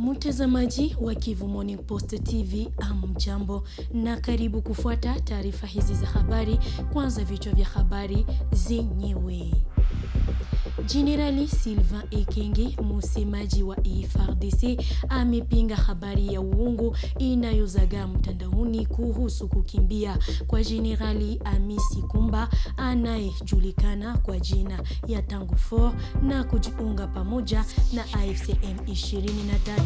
Mtazamaji wa Kivu Morning Post TV, amjambo na karibu kufuata taarifa hizi za habari. Kwanza vichwa vya habari zenyewe. Jenerali Sylvain Ekenge, msemaji wa e FARDC, amepinga habari ya uongo inayozagaa mtandaoni kuhusu kukimbia kwa Jenerali Amisi Kumba anayejulikana kwa jina ya Tango Fort na kujiunga pamoja na AFC M23.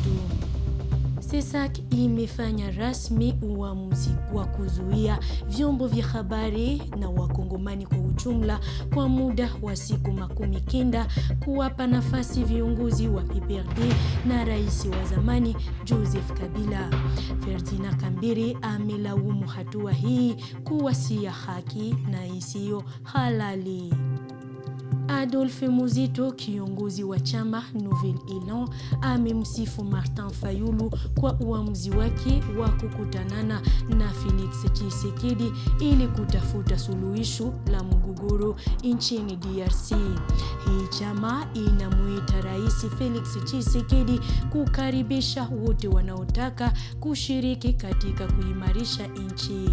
TESAC imefanya rasmi uamuzi wa kuzuia vyombo vya habari na wakongomani kwa ujumla kwa muda wa siku makumi kenda kuwapa nafasi viongozi wa PPRD na rais wa zamani Joseph Kabila. Ferdinand kambiri amelaumu hatua hii kuwa si ya haki na isiyo halali. Adolphe Muzito, kiongozi wa chama Nouvel Elan, amemsifu Martin Fayulu kwa uamuzi wake wa kukutanana na Felix Tshisekedi ili kutafuta suluhisho la mgogoro nchini DRC. Hii chama inamuita Rais Felix Tshisekedi kukaribisha wote wanaotaka kushiriki katika kuimarisha nchi.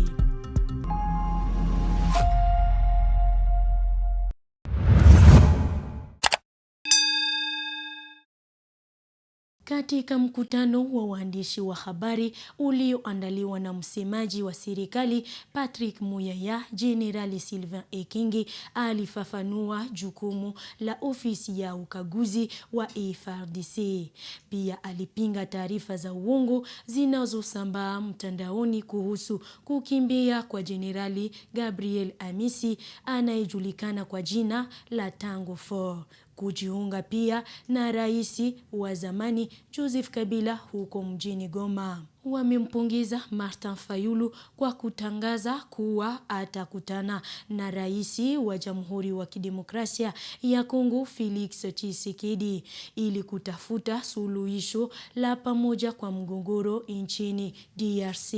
Katika mkutano wa waandishi wa habari ulioandaliwa na msemaji wa serikali Patrick Muyaya, Jenerali Sylvain Ekenge alifafanua jukumu la ofisi ya ukaguzi wa FARDC. Pia alipinga taarifa za uongo zinazosambaa mtandaoni kuhusu kukimbia kwa Jenerali Gabriel Amisi anayejulikana kwa jina la Tango 4 kujiunga pia na rais wa zamani Joseph Kabila huko mjini Goma wamempongeza Martin Fayulu kwa kutangaza kuwa atakutana na rais wa Jamhuri wa Kidemokrasia ya Kongo Felix Tshisekedi ili kutafuta suluhisho la pamoja kwa mgogoro nchini DRC.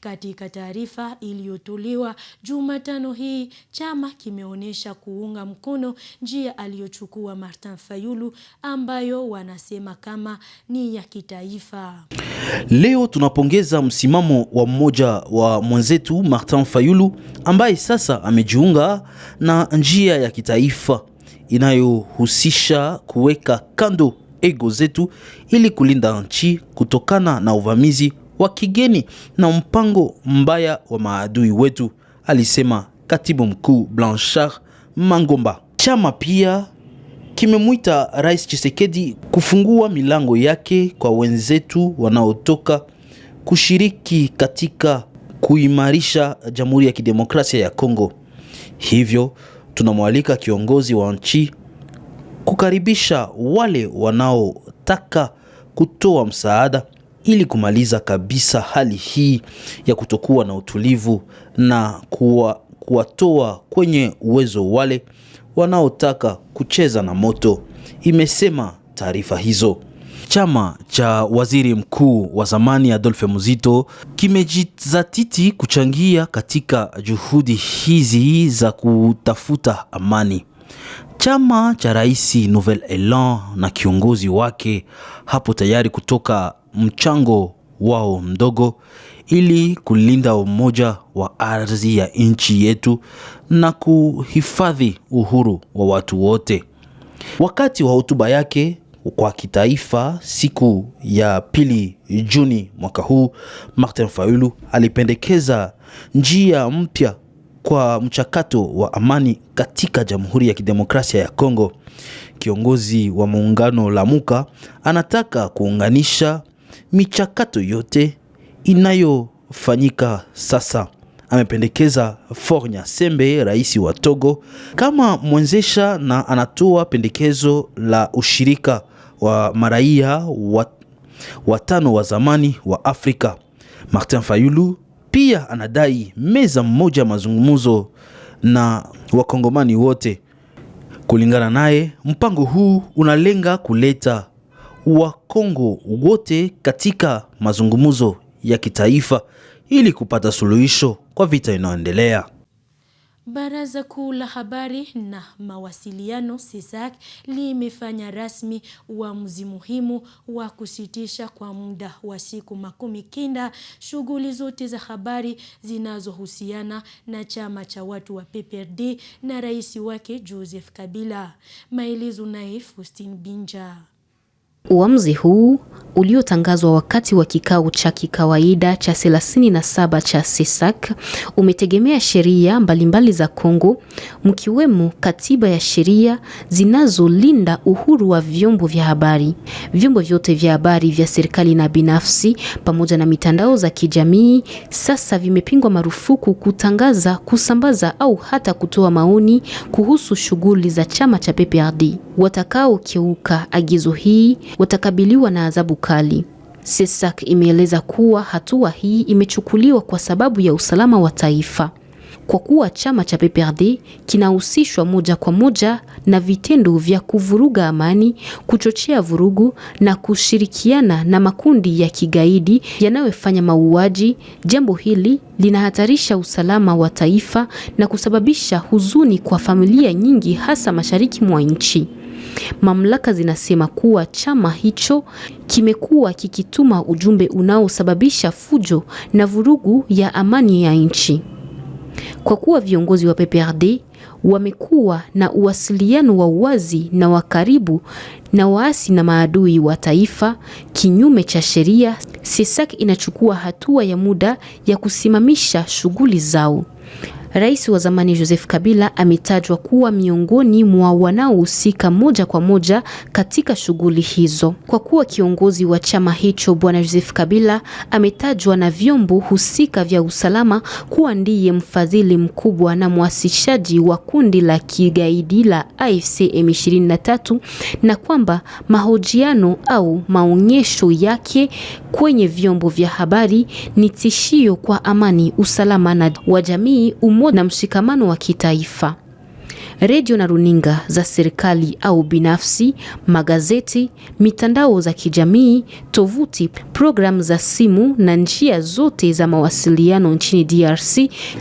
Katika taarifa iliyotolewa Jumatano hii, chama kimeonyesha kuunga mkono njia aliyochukua Martin Fayulu ambayo wanasema kama ni ya kitaifa. Leo tunapongeza msimamo wa mmoja wa mwenzetu Martin Fayulu ambaye sasa amejiunga na njia ya kitaifa inayohusisha kuweka kando ego zetu ili kulinda nchi kutokana na uvamizi wa kigeni na mpango mbaya wa maadui wetu, alisema katibu mkuu Blanchard Mangomba. Chama pia kimemwita Rais Tshisekedi kufungua milango yake kwa wenzetu wanaotoka kushiriki katika kuimarisha Jamhuri ya Kidemokrasia ya Kongo. Hivyo tunamwalika kiongozi wa nchi kukaribisha wale wanaotaka kutoa msaada ili kumaliza kabisa hali hii ya kutokuwa na utulivu na kuwa kuwatoa kwenye uwezo wale wanaotaka kucheza na moto, imesema taarifa hizo. Chama cha waziri mkuu wa zamani Adolphe Muzito kimejizatiti kuchangia katika juhudi hizi za kutafuta amani. Chama cha Rais Nouvel Elan na kiongozi wake hapo tayari kutoka mchango wao mdogo ili kulinda umoja wa ardhi ya nchi yetu na kuhifadhi uhuru wa watu wote. Wakati wa hotuba yake, kwa kitaifa siku ya pili Juni mwaka huu, Martin Fayulu alipendekeza njia mpya kwa mchakato wa amani katika Jamhuri ya Kidemokrasia ya Kongo. Kiongozi wa muungano Lamuka anataka kuunganisha michakato yote inayofanyika sasa. Amependekeza fornya Nyasembe, rais wa Togo, kama mwenzesha na anatoa pendekezo la ushirika wa maraia watano wa zamani wa Afrika. Martin Fayulu pia anadai meza mmoja mazungumzo na wakongomani wote. Kulingana naye, mpango huu unalenga kuleta wakongo wote katika mazungumzo ya kitaifa ili kupata suluhisho kwa vita inayoendelea. Baraza Kuu la Habari na Mawasiliano SISAC limefanya rasmi uamuzi muhimu wa kusitisha kwa muda wa siku makumi kenda shughuli zote za habari zinazohusiana na chama cha watu wa PPRD na rais wake Joseph Kabila. Maelezo naye Faustin Binja. Uamuzi huu uliotangazwa wakati wa kikao cha kikawaida cha 37 cha CESAC umetegemea sheria mbalimbali za Kongo, mkiwemo katiba ya sheria zinazolinda uhuru wa vyombo vya habari, vyombo vyote vya habari vya serikali na binafsi, pamoja na mitandao za kijamii. Sasa vimepingwa marufuku kutangaza, kusambaza au hata kutoa maoni kuhusu shughuli za chama cha PPRD. Watakaokiuka agizo hii watakabiliwa na adhabu kali. Sesak imeeleza kuwa hatua hii imechukuliwa kwa sababu ya usalama wa taifa, kwa kuwa chama cha PPRD kinahusishwa moja kwa moja na vitendo vya kuvuruga amani, kuchochea vurugu na kushirikiana na makundi ya kigaidi yanayofanya mauaji. Jambo hili linahatarisha usalama wa taifa na kusababisha huzuni kwa familia nyingi, hasa mashariki mwa nchi. Mamlaka zinasema kuwa chama hicho kimekuwa kikituma ujumbe unaosababisha fujo na vurugu ya amani ya nchi. Kwa kuwa viongozi wa PPRD wamekuwa na uwasiliano wa uwazi na wa karibu na waasi na maadui wa taifa kinyume cha sheria, SESAK inachukua hatua ya muda ya kusimamisha shughuli zao. Rais wa zamani Joseph Kabila ametajwa kuwa miongoni mwa wanaohusika moja kwa moja katika shughuli hizo. Kwa kuwa kiongozi wa chama hicho Bwana Joseph Kabila ametajwa na vyombo husika vya usalama kuwa ndiye mfadhili mkubwa na mwasishaji wa kundi la kigaidi la AFC M23 na kwamba mahojiano au maonyesho yake kwenye vyombo vya habari ni tishio kwa amani, usalama na wa jamii um umoja na mshikamano wa kitaifa redio na runinga za serikali au binafsi, magazeti, mitandao za kijamii, tovuti, programu za simu na njia zote za mawasiliano nchini DRC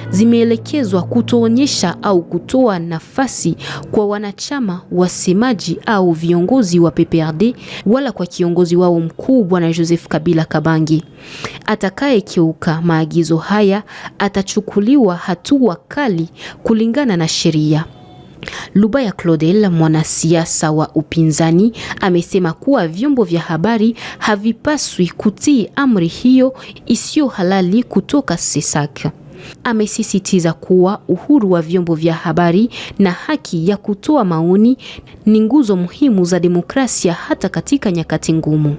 zimeelekezwa kutoonyesha au kutoa nafasi kwa wanachama, wasemaji au viongozi wa PPRD wala kwa kiongozi wao mkuu Bwana Joseph Kabila Kabangi. Atakayekeuka maagizo haya atachukuliwa hatua kali kulingana na sheria luba ya Claudel, mwanasiasa wa upinzani, amesema kuwa vyombo vya habari havipaswi kutii amri hiyo isiyo halali kutoka Sisak. Amesisitiza kuwa uhuru wa vyombo vya habari na haki ya kutoa maoni ni nguzo muhimu za demokrasia hata katika nyakati ngumu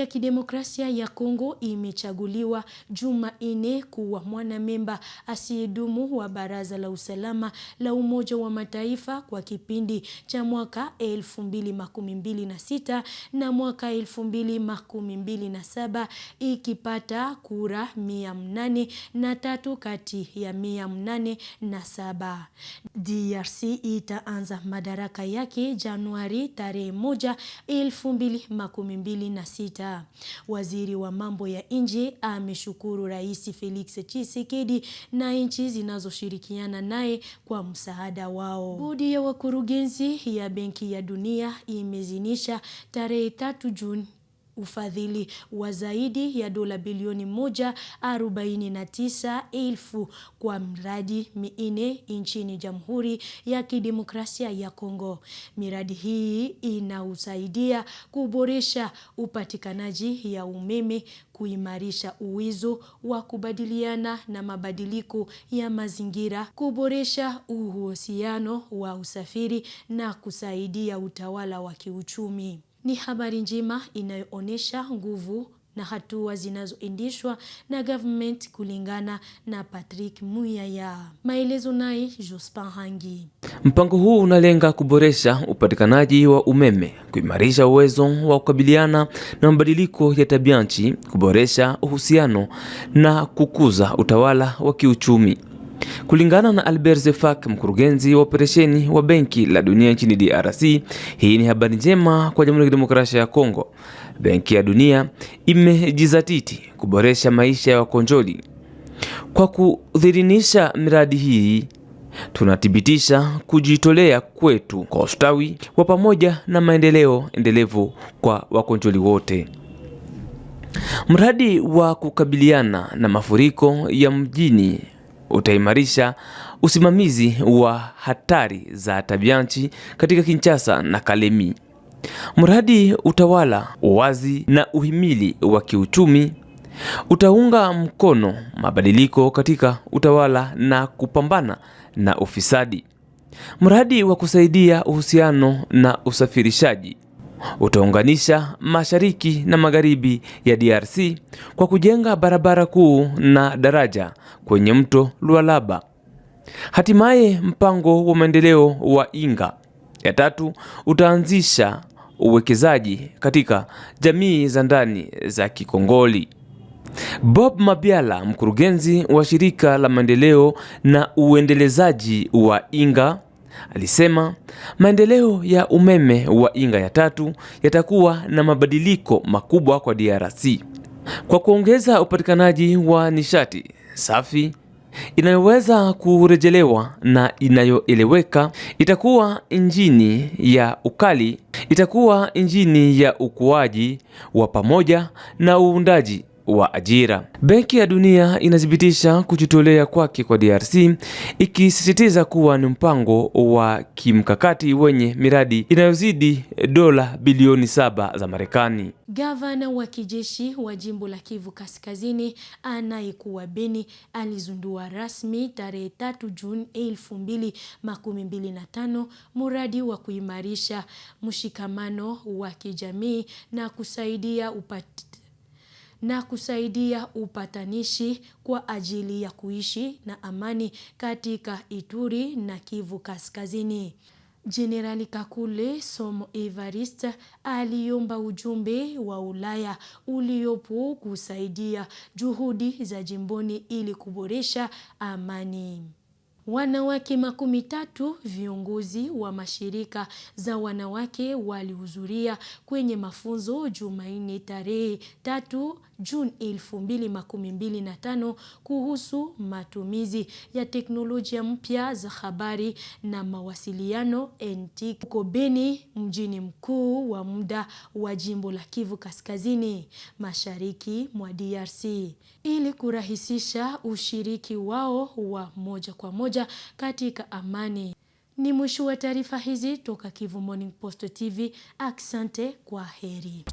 ya Kidemokrasia ya Kongo imechaguliwa Jumanne kuwa mwanamemba asiyedumu wa Baraza la Usalama la Umoja wa Mataifa kwa kipindi cha mwaka 2026 na mwaka 2027 ikipata kura mia na tatu kati ya mia na saba. DRC itaanza madaraka yake Januari tarehe 1, elfu na sita kadhaa. Waziri wa mambo ya nje ameshukuru Rais Felix Tshisekedi na nchi zinazoshirikiana naye kwa msaada wao. Bodi ya wakurugenzi ya Benki ya Dunia imezinisha tarehe 3 Juni ufadhili wa zaidi ya dola bilioni moja arobaini na tisa elfu kwa mradi minne nchini Jamhuri ya Kidemokrasia ya Kongo. Miradi hii inausaidia kuboresha upatikanaji ya umeme, kuimarisha uwezo wa kubadiliana na mabadiliko ya mazingira, kuboresha uhusiano wa usafiri na kusaidia utawala wa kiuchumi. Ni habari njema inayoonyesha nguvu na hatua zinazoendeshwa na government kulingana na Patrick Muyaya. Maelezo naye Jospin Hangi. Mpango huu unalenga kuboresha upatikanaji wa umeme, kuimarisha uwezo wa kukabiliana na mabadiliko ya tabianchi, kuboresha uhusiano na kukuza utawala wa kiuchumi. Kulingana na Albert Zefak, mkurugenzi wa operesheni wa Benki la Dunia nchini DRC, hii ni habari njema kwa Jamhuri ya Kidemokrasia ya Kongo. Benki ya Dunia imejizatiti kuboresha maisha ya wakonjoli kwa kudhirinisha miradi hii tunathibitisha kujitolea kwetu kwa ustawi wa pamoja na maendeleo endelevu kwa wakonjoli wote. Mradi wa kukabiliana na mafuriko ya mjini utaimarisha usimamizi wa hatari za tabianchi katika Kinshasa na Kalemi. Mradi utawala uwazi na uhimili wa kiuchumi utaunga mkono mabadiliko katika utawala na kupambana na ufisadi. Mradi wa kusaidia uhusiano na usafirishaji utaunganisha mashariki na magharibi ya DRC kwa kujenga barabara kuu na daraja kwenye mto Lualaba. Hatimaye mpango wa maendeleo wa Inga ya tatu utaanzisha uwekezaji katika jamii za ndani za Kikongoli. Bob Mabiala, mkurugenzi wa shirika la maendeleo na uendelezaji wa Inga Alisema maendeleo ya umeme wa Inga ya tatu yatakuwa na mabadiliko makubwa kwa DRC kwa kuongeza upatikanaji wa nishati safi inayoweza kurejelewa na inayoeleweka. Itakuwa injini ya ukali, itakuwa injini ya ukuaji wa pamoja na uundaji wa ajira. Benki ya Dunia inathibitisha kujitolea kwake kwa DRC ikisisitiza kuwa ni mpango wa kimkakati wenye miradi inayozidi dola bilioni saba za Marekani. Gavana wa kijeshi wa jimbo la Kivu Kaskazini anayekuwa Beni alizundua rasmi tarehe 3 Juni 2025 mradi wa kuimarisha mshikamano wa kijamii na kusaidia upati na kusaidia upatanishi kwa ajili ya kuishi na amani katika Ituri na Kivu Kaskazini. Jenerali Kakule Somo evarist aliomba ujumbe wa Ulaya uliopo kusaidia juhudi za jimboni ili kuboresha amani. Wanawake makumi tatu viongozi wa mashirika za wanawake walihudhuria kwenye mafunzo Jumanne tarehe tatu Juni 2025 kuhusu matumizi ya teknolojia mpya za habari na mawasiliano NTIC huko Beni, mjini mkuu wa muda wa jimbo la Kivu Kaskazini, mashariki mwa DRC, ili kurahisisha ushiriki wao wa moja kwa moja katika amani. Ni mwisho wa taarifa hizi toka Kivu Morning Post TV. Asante, kwa heri.